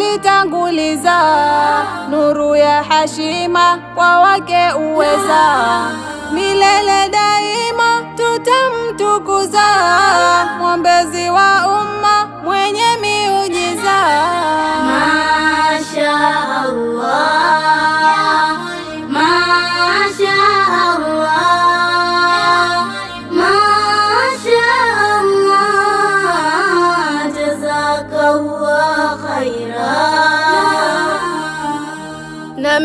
litanguliza nuru ya hashima kwa wake uweza, milele daima tutamtukuza mwombezi wa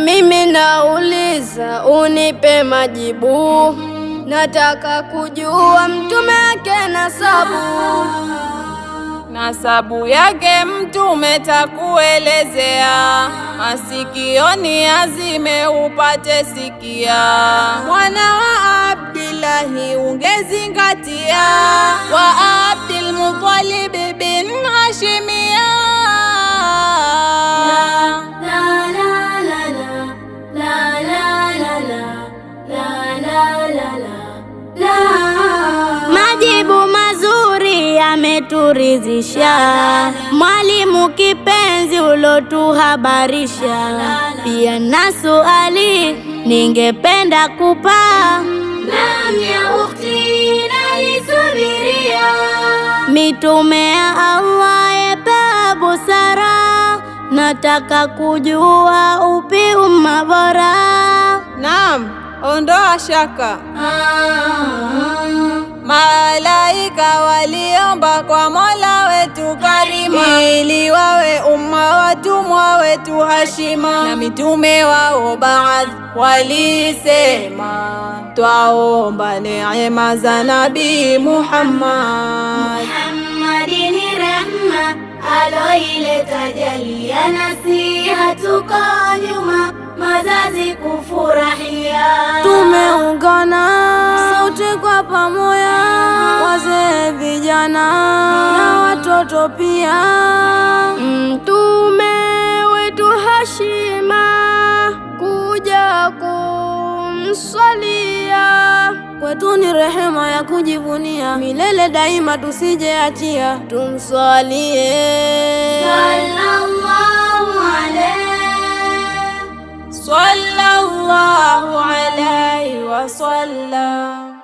mimi nauliza unipe majibu, nataka kujua mtume yake nasabu, nasabu yake mtume takuelezea, masikioni azime upate sikia, mwana wa Abdillahi ungezingatia, wa Abdilmutalibi bin Hashimia umeturizisha, mwalimu kipenzi ulotuhabarisha. Pia na suali ningependa kupaa mitume ya Allah yepa busara, nataka kujua upi umma bora. Naam, ondoa shaka ah, ah, ah malaika waliomba kwa Mola wetu Karima, ili wawe umma watumwa wetu Hashima, na mitume wao baadhi walisema, twaomba neema za Nabii Muhammad. Muhammadi ni rehma aloileta jalia, na si hatuko nyuma mazazi ku vijana na watoto pia. Mtume wetu hashima kuja kumswalia, kwetu ni rehema ya kujivunia milele daima, tusije achia tumswalie sallallahu